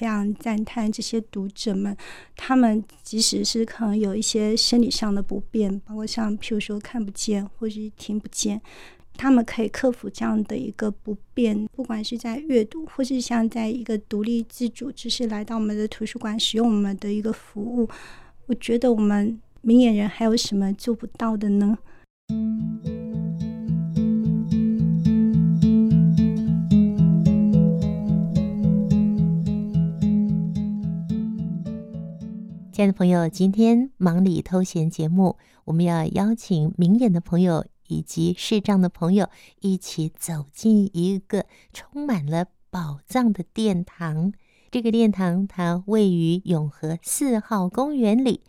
非常讚嘆這些讀者們，他們即使是可能有一些生理上的不便，包括像譬如說看不見或是聽不見，他們可以克服這樣的一個不便，不管是在閱讀，或是像在一個獨立自主，只是來到我們的圖書館使用我們的一個服務，我覺得我們明眼人還有什麼做不到的呢？親愛的朋友，今天忙裡偷閒節目，我們要邀請明眼的朋友以及視障的朋友一起走進一個充滿了寶藏的殿堂。這個殿堂它位於永和四號公園裡，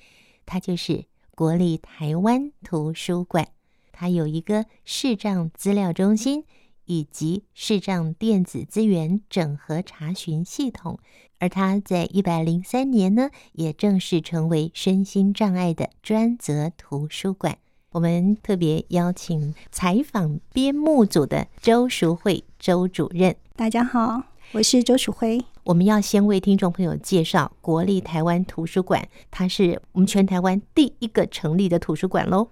它就是國立台灣圖書館，它有一個視障資料中心。以及視障電子資源整合查詢系統，而它在一百零三年呢，也正式成為身心障礙的專責圖書館。我們特別邀請採訪編目組的周淑慧周主任。大家好，我是周淑慧。我們要先為聽眾朋友介紹國立台灣圖書館，它是我們全台灣第一個成立的圖書館嘍？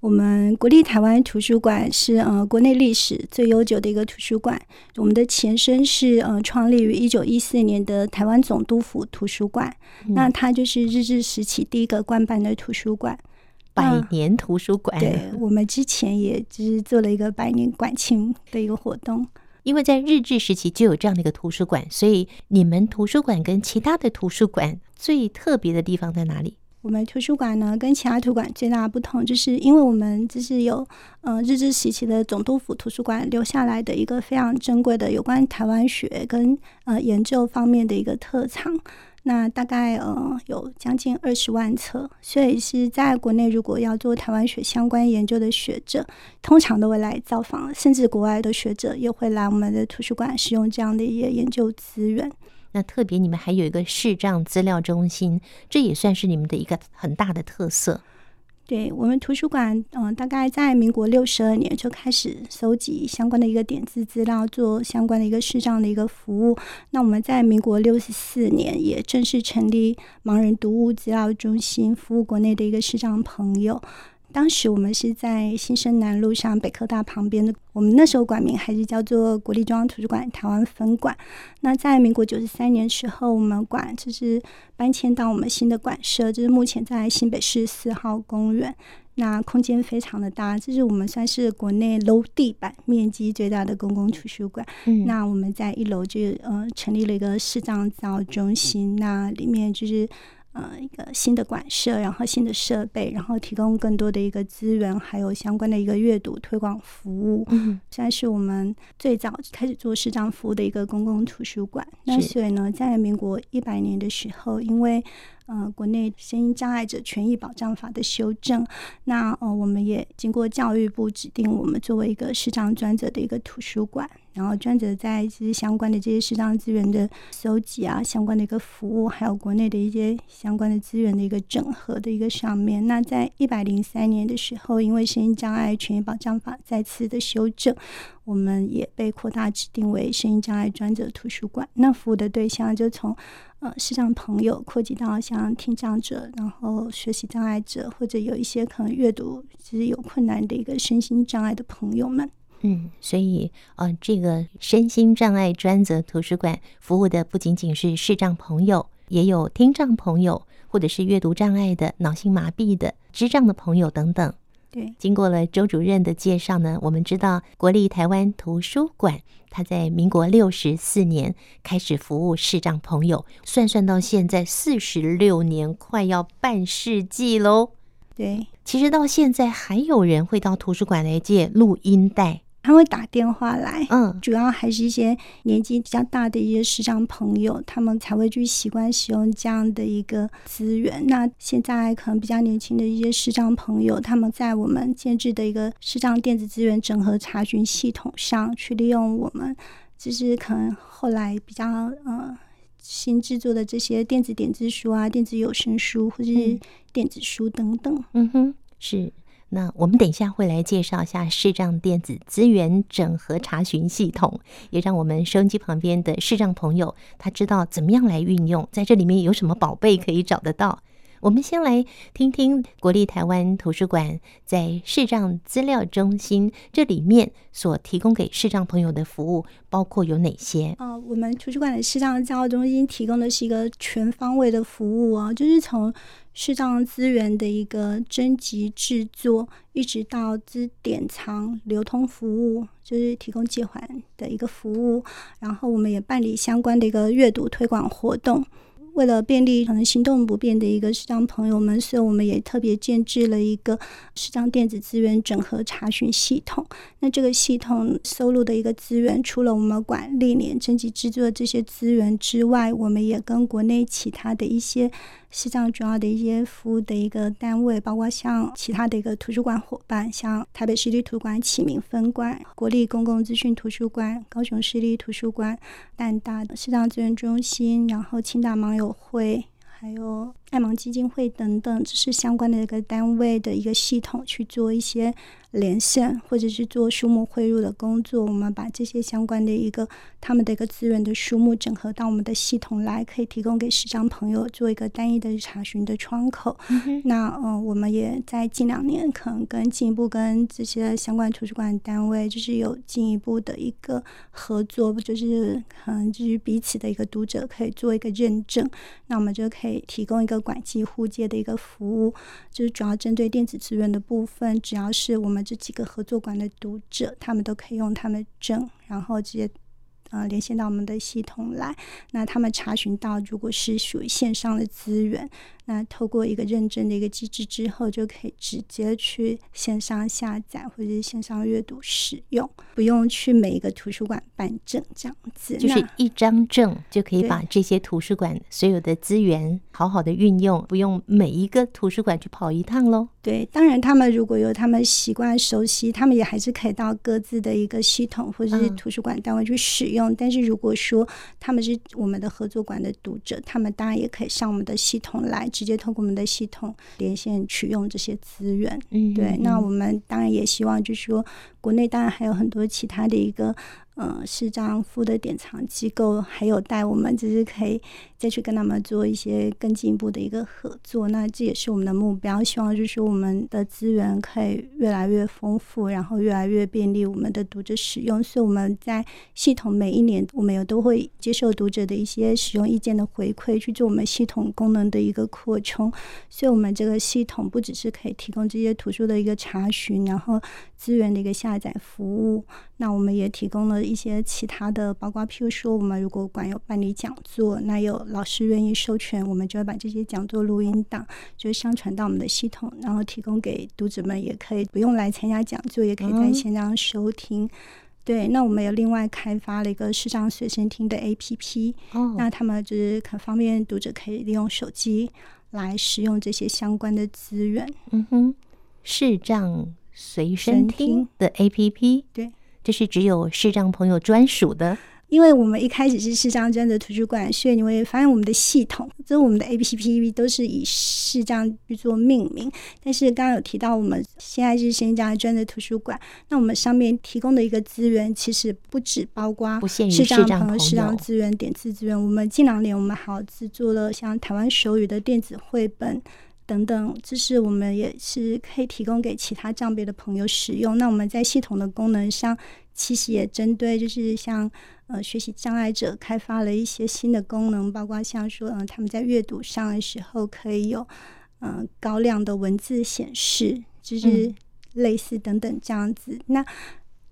我們國立台灣圖書館是呃國內歷史最悠久的一個圖書館。我們的前身是呃創立於一九一四年的台灣總督府圖書館，嗯、那它就是日治時期第一個官辦的圖書館，百年圖書館。嗯、對，我們之前也是做了一個百年館慶的一個活動。因為在日治時期就有這樣的一個圖書館，所以你們圖書館跟其他的圖書館最特別的地方在哪裡？我們圖書館呢，跟其他圖書館最大的不同，就是因為我們就是有呃日治時期的總督府圖書館留下來的一個非常珍貴的有關台灣學跟呃研究方面的一個特藏。那大概呃有將近二十萬冊，所以是在國內如果要做台灣學相關研究的學者，通常都會來造訪，甚至國外的學者也會來我們的圖書館使用這樣的一些研究資源。那特別，你們還有一個視障資料中心，這也算是你們的一個很大的特色對。對，我們圖書館，嗯、呃，大概在民國六十二年就開始收集相關的一個點字資料，做相關的一個視障的一個服務。那我們在民國六十四年也正式成立盲人讀物資料中心，服務國內的一個視障朋友。當時我們是在新生南路上北科大旁邊的，我們那時候館名還是叫做國立中央圖書館臺灣分館。那在民國九十三年時候，我們館就是搬遷到我們新的館舍，就是目前在新北市四號公園。那空間非常的大，這是我們算是國內樓地板面積最大的公共圖書館、嗯。那我們在一樓就呃成立了一個視障資料中心，那裡面就是。呃，一個新的館舍，然後新的設備，然後提供更多的一個資源，還有相關的一個閱讀推廣服務。嗯，現在是我們最早開始做視障服務的一個公共圖書館。那所以呢，在民國一百年的時候，因為呃，國內《聲音障礙者權益保障法》的修正，那呃，我們也經過教育部指定，我們作為一個視障專責的一個圖書館。然後專責在其實相關的這些視障資源的搜集啊，相關的一個服務，還有國內的一些相關的資源的一個整合的一個上面。那在一百零三年的時候，因為《身心障礙者權益保障法》再次的修正，我們也被擴大指定為身心障礙專責圖書館。那服務的對象就從呃視障朋友擴及到像聽障者，然後學習障礙者，或者有一些可能閱讀其實有困難的一個身心障礙的朋友們。嗯，所以呃、哦，這個身心障礙專責圖書館服務的不僅僅是視障朋友，也有聽障朋友，或者是閱讀障礙的、腦性麻痹的、智障的朋友等等。對，經過了周主任的介紹呢，我們知道國立台灣圖書館，它在民國六十四年開始服務視障朋友，算算到現在四十六年，快要半世紀嘍。對，其實到現在還有人會到圖書館來借錄音帶。他會打電話來，嗯，主要還是一些年紀比較大的一些視障朋友，他們才會去習慣使用這樣的一個資源。那現在可能比較年輕的一些視障朋友，他們在我們建制的一個視障電子資源整合查詢系統上去利用我們，就是可能後來比較呃新製作的這些電子點字書啊、電子有聲書或者是電子書等等嗯。嗯哼，是。那我們等一下會來介紹一下視障電子資源整合查詢系統，也讓我們收音機旁邊的視障朋友，他知道怎麼樣來運用，在這裡面有什麼寶貝可以找得到。我們先來聽聽國立台灣圖書館在視障資料中心這裡面所提供給視障朋友的服務包括有哪些？呃，我們圖書館的視障資料中心提供的是一個全方位的服務啊，就是從視障資源的一個徵集制作，一直到資典藏流通服務，就是提供借還的一個服務，然後我們也辦理相關的一個閱讀推廣活動。為了便利可能行動不便的一個視障朋友們，所以我們也特別建置了一個視障電子資源整合查詢系統。那這個系統收錄的一個資源，除了我們館歷年徵集制作的這些資源之外，我們也跟國內其他的一些視障主要的一些服務的一個單位，包括像其他的一個圖書館伙伴，像台北市立圖書館啟明分館、國立公共資訊圖書館、高雄市立圖書館、淡大的視障資源中心，然後清大盲友。我會，還有、愛盲基金會等等，就是相關的一個單位的一個系統去做一些連線，或者是做書目匯入的工作。我們把這些相關的一個他們的一個資源的書目整合到我們的系統來，可以提供給視障朋友做一個單一的查詢的窗口。Mm -hmm. 那嗯、呃，我們也在近兩年可能跟進一步跟這些相關圖書館單位就是有進一步的一個合作，就是可能就是彼此的一個讀者可以做一個認證，那我們就可以提供一個。館際互借的一個服務，就是主要針對電子資源的部分，只要是我們這幾個合作館的讀者，他們都可以用他們證，然後直接。啊、嗯，連線到我們的系統來。那他們查詢到，如果是屬於線上的資源，那透過一個認證的一個機制之後，就可以直接去線上下載或者線上閱讀使用，不用去每一個圖書館辦證這樣子。就是一張證就可以把這些圖書館所有的資源好好的運用，不用每一個圖書館去跑一趟咯。對，當然他們如果有他們習慣熟悉，他們也還是可以到各自的一個系統或者是圖書館單位去使用。嗯但是如果說他們是我們的合作館的讀者，他們當然也可以上我們的系統來，直接通過我們的系統連線取用這些資源。嗯嗯，對，那我們當然也希望，就是說，國內當然還有很多其他的一個。嗯，視障書的典藏機構還有待我們，就是可以再去跟他們做一些更進一步的一個合作。那這也是我們的目標，希望就是我們的資源可以越來越豐富，然後越來越便利我們的讀者使用。所以我們在系統每一年，我們也都會接受讀者的一些使用意見的回饋，去做我們系統功能的一個擴充。所以，我們這個系統不只是可以提供這些圖書的一個查詢，然後資源的一個下載服務。那我們也提供了一些其他的，包括譬如說，我們如果館有辦理講座，那有老師願意授權，我們就會把這些講座錄音檔就上傳到我們的系統，然後提供給讀者們，也可以不用來參加講座，也可以在線上收聽、嗯。對，那我們也另外開發了一個視障隨身聽的 APP，哦，那他們就是很方便，讀者可以利用手機來使用這些相關的資源。嗯哼，視障隨身聽,身聽的 APP，對。這是只有視障朋友專屬的，因為我們一開始是視障專的圖書館，所以你會發現我們的系統，就我們的 APP 都是以視障去做命名。但是剛剛有提到，我們現在是視障專的圖書館，那我們上面提供的一個資源其實不止包括視障朋友視障資源、點字資源，我們近兩年我們好制作了像台灣手語的電子繪本。等等，這是我們也是可以提供給其他障別的朋友使用。那我們在系統的功能上，其實也針對就是像呃學習障礙者開發了一些新的功能，包括像說嗯、呃、他們在閱讀上的時候可以有嗯、呃、高亮的文字顯示，就是類似等等這樣子。嗯、那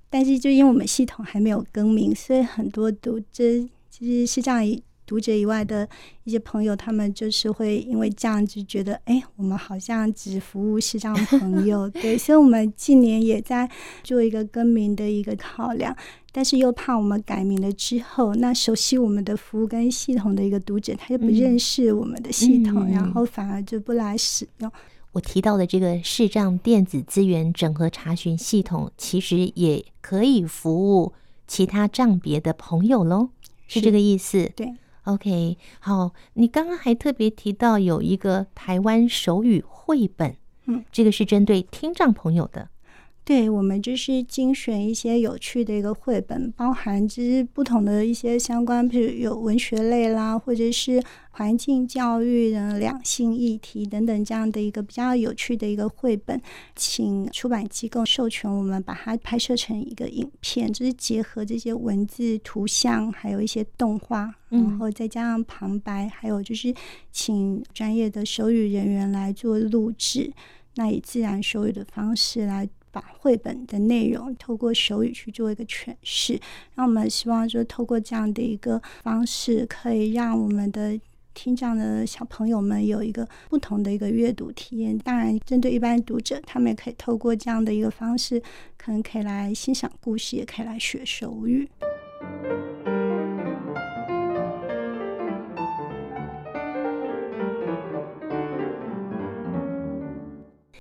但是就因為我們系統還沒有更名，所以很多都這其實是這樣。一。讀者以外的一些朋友，他們就是會因為這樣就覺得，哎，我們好像只服務視障朋友， 對。所以，我們近年也在做一個更名的一個考量，但是又怕我們改名了之後，那熟悉我們的服務跟系統的一個讀者，他又不認識我們的系統，嗯，然後反而就不來使用。我提到的這個視障電子資源整合查詢系統，其實也可以服務其他障別的朋友嘍，是這個意思，對。OK，好，你剛剛還特別提到有一個台灣手語繪本，嗯，這個是針對聽障朋友的。對我們就是精選一些有趣的一個繪本，包含就是不同的一些相關，比如有文學類啦，或者是環境教育的兩性議題等等這樣的一個比較有趣的一個繪本，請出版機構授權我們把它拍攝成一個影片，就是結合這些文字、圖像，還有一些動畫，然後再加上旁白，還有就是請專業的手語人員來做錄制，那以自然手語的方式來。把繪本的內容，透過手語去做一個詮釋。那我們希望說，透過這樣的一個方式，可以讓我們的聽障的小朋友們有一個不同的一個閱讀體驗。當然，針對一般讀者，他們也可以透過這樣的一個方式，可能可以來欣賞故事，也可以來學手語。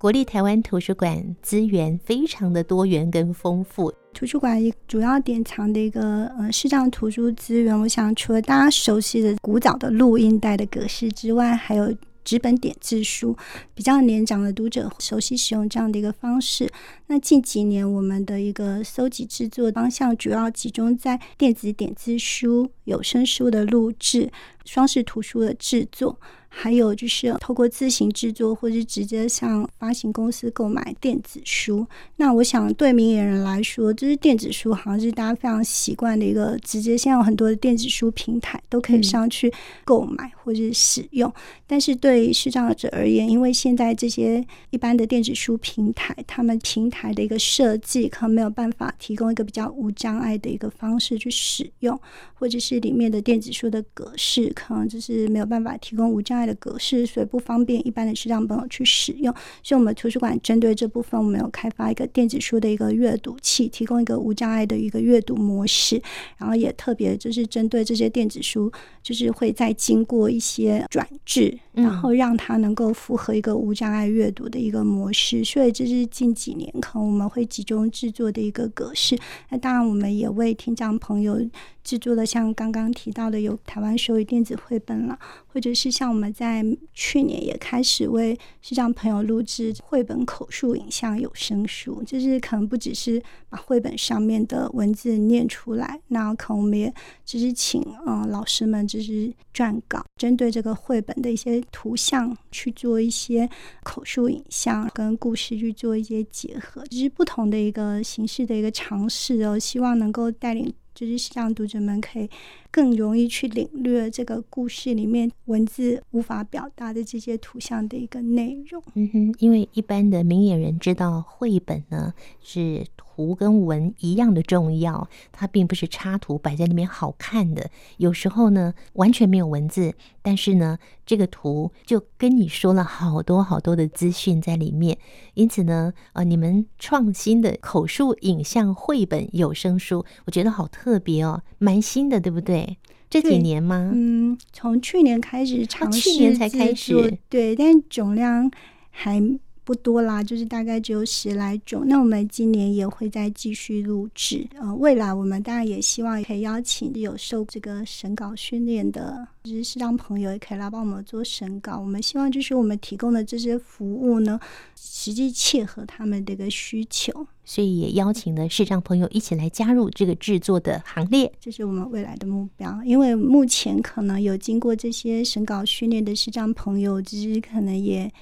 國立台灣圖書館資源非常的多元跟豐富。圖書館主要典藏的一個呃視障圖書資源，我想除了大家熟悉的古早的錄音帶的格式之外，還有紙本點字書，比較年長的讀者熟悉使用這樣的一個方式。那近幾年我們的一個搜集製作方向主要集中在電子點字書、有聲書的錄製、雙視圖書的製作。還有就是透過自行制作或者是直接向發行公司購買電子書。那我想對明眼人來說，就是電子書好像是大家非常習慣的一個。直接現在有很多的電子書平台都可以上去購買或者是使用、嗯。但是對視障者而言，因為現在這些一般的電子書平台，他們平台的一個設計可能沒有辦法提供一個比較無障礙的一個方式去使用，或者是裡面的電子書的格式可能就是沒有辦法提供無障礙的一個方式。的格式所以不方便，一般的視障朋友去使用，所以我們圖書館針對這部分，我們有開發一個電子書的一個閱讀器，提供一個無障礙的一個閱讀模式。然後也特別就是針對這些電子書，就是會再經過一些轉製，然後讓它能夠符合一個無障礙閱讀的一個模式。所以這是近幾年可能我們會集中制作的一個格式。那當然，我們也為聽障朋友。製作了像剛剛提到的有台灣手語電子繪本了，或者是像我們在去年也開始為視障朋友錄制繪本口述影像有聲書，就是可能不只是把繪本上面的文字念出來，那可能我們也就是請嗯老師們就是撰稿，針對這個繪本的一些圖像去做一些口述影像跟故事去做一些結合，只、就是不同的一個形式的一個嘗試哦，希望能夠帶領。就是希望讀者們可以，更容易去領略這個故事裡面文字無法表達的這些圖像的一個內容。嗯哼，因為一般的明眼人知道，繪本呢是圖跟文一樣的重要，它並不是插圖擺在裡面好看的，有時候呢完全沒有文字，但是呢這個圖就跟你說了好多好多的資訊在裡面。因此呢，呃，你們創新的口述影像繪本有聲書，我覺得好特別哦，蠻新的，對不對？這幾年嗎？嗯，從去年開始，從、啊、去年才開始，對，但總量還不多啦，就是大概只有十來種。那我們今年也會再繼續錄製。呃，未來我們當然也希望可以邀請有受這個審稿訓練的，就是視障朋友，也可以來幫我們做審稿。我們希望就是我們提供的這些服務呢，實際切合他們這個需求，所以也邀請了視障朋友一起來加入這個製作的行列，這是我們未來的目標。因為目前可能有經過這些審稿訓練的視障朋友，其實可能也。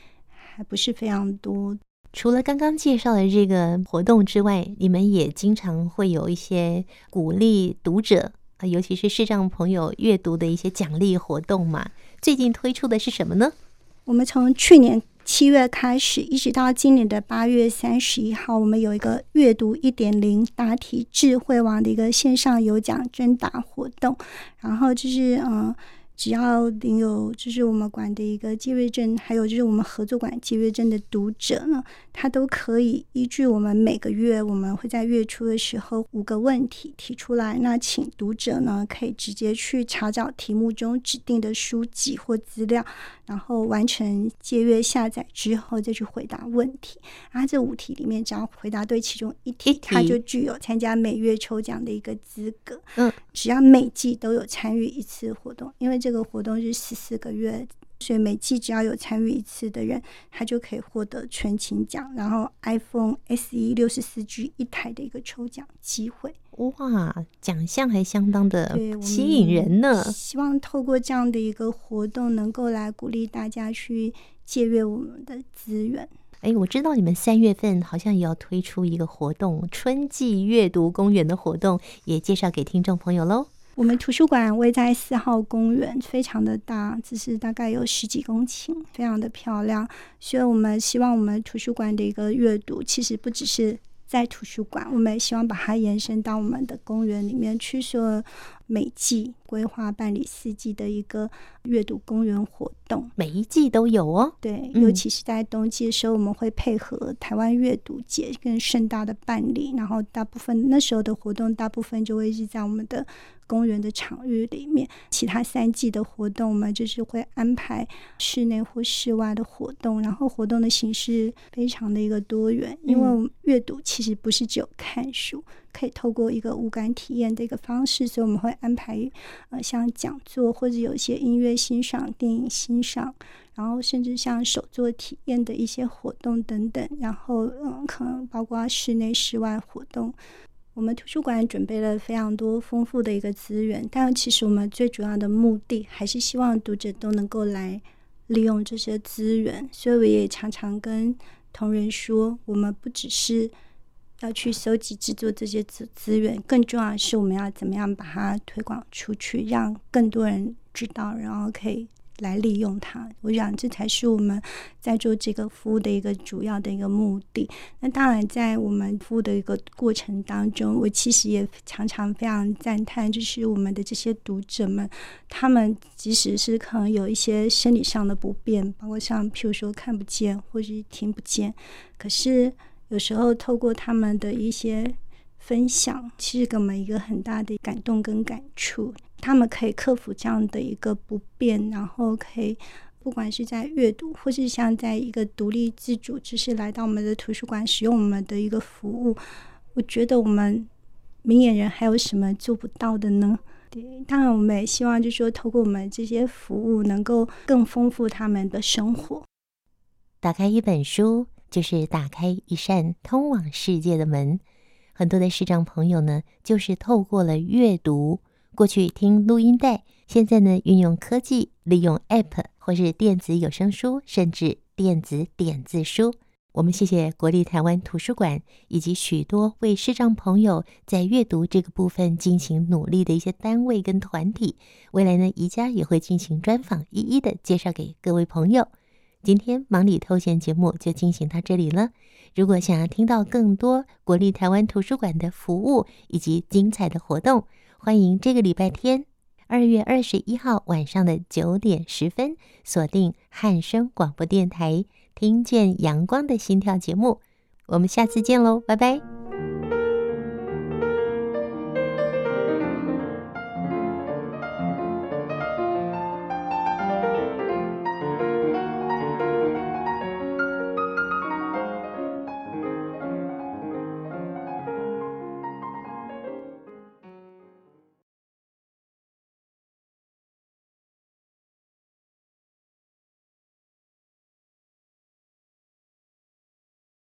還不是非常多。除了剛剛介紹的這個活動之外，你們也經常會有一些鼓勵讀者，啊，尤其是視障朋友閱讀的一些獎勵活動嘛。最近推出的是什麼呢？我們從去年七月開始，一直到今年的八月三十一號，我們有一個閱讀一點零答題智慧網的一個線上有獎徵答活動。然後就是嗯。呃只要您有，就是我們館的一個借閱證，還有就是我們合作館借閱證的讀者呢，他都可以依據我們每個月，我們會在月初的時候五個問題提出來，那請讀者呢可以直接去查找題目中指定的書籍或資料，然後完成借閱下載之後再去回答問題。啊，這五題裡面只要回答對其中一題，他就具有參加每月抽獎的一個資格。嗯，只要每季都有參與一次活動，因為這個活動是十四個月，所以每季只要有參與一次的人，他就可以獲得全勤獎，然後 iPhone SE 六十四 G 一台的一個抽獎機會。哇，獎項還相當的吸引人呢！希望透過這樣的一個活動，能夠來鼓勵大家去借閱我們的資源。哎，我知道你們三月份好像也要推出一個活動，春季閱讀公園的活動，也介紹給聽眾朋友嘍。我們圖書館位在四號公園，非常的大，只是大概有十幾公頃，非常的漂亮。所以，我們希望我們圖書館的一個閱讀，其實不只是在圖書館，我們也希望把它延伸到我們的公園裡面去說。每季規劃辦理四季的一個閱讀公園活動，每一季都有哦。對，嗯、尤其是在冬季的時候，我們會配合台灣閱讀節更盛大的辦理，然後大部分那時候的活動，大部分就會是在我們的公園的場域裡面。其他三季的活動嘛，就是會安排室內或室外的活動，然後活動的形式非常的一個多元，因為我們閱讀其實不是只有看書。嗯嗯，可以透過一個五感體驗的一個方式，所以我們會安排，呃，像講座或者有些音樂欣賞、電影欣賞，然後甚至像手作體驗的一些活動等等。然後，嗯，可能包括室內、室外活動。我們圖書館準備了非常多豐富的一個資源，但其實我們最主要的目的還是希望讀者都能夠來利用這些資源。所以，我也常常跟同仁說，我們不只是。要去收集、製作這些資資源，更重要的是，我們要怎麼樣把它推廣出去，讓更多人知道，然後可以來利用它。我想，這才是我們在做這個服務的一個主要的一個目的。那當然，在我們服務的一個過程當中，我其實也常常非常讚嘆，就是我們的這些讀者們，他們即使是可能有一些生理上的不便，包括像譬如說看不見或是聽不見，可是。有時候透過他們的一些分享，其實給我們一個很大的感動跟感觸。他們可以克服這樣的一個不便，然後可以不管是在閱讀，或是像在一個獨立自主，只是來到我們的圖書館使用我們的一個服務。我覺得我們明眼人還有什麼做不到的呢？對，當然我們也希望，就是說透過我們這些服務，能夠更豐富他們的生活。打開一本書。就是打開一扇通往世界的門。很多的視障朋友呢，就是透過了閱讀，過去聽錄音帶，現在呢，運用科技，利用 App 或是電子有聲書，甚至電子點字書。我們謝謝國立台灣圖書館，以及許多為視障朋友在閱讀這個部分進行努力的一些單位跟團體。未來呢，宜家也會進行專訪，一一的介紹給各位朋友。今天忙裡偷閒節目就進行到這裡了。如果想要聽到更多國立台灣圖書館的服務以及精彩的活動，歡迎這個禮拜天二月二十一號晚上的九點十分，鎖定漢聲廣播電臺，聽見陽光的心跳節目。我們下次見嘍，拜拜。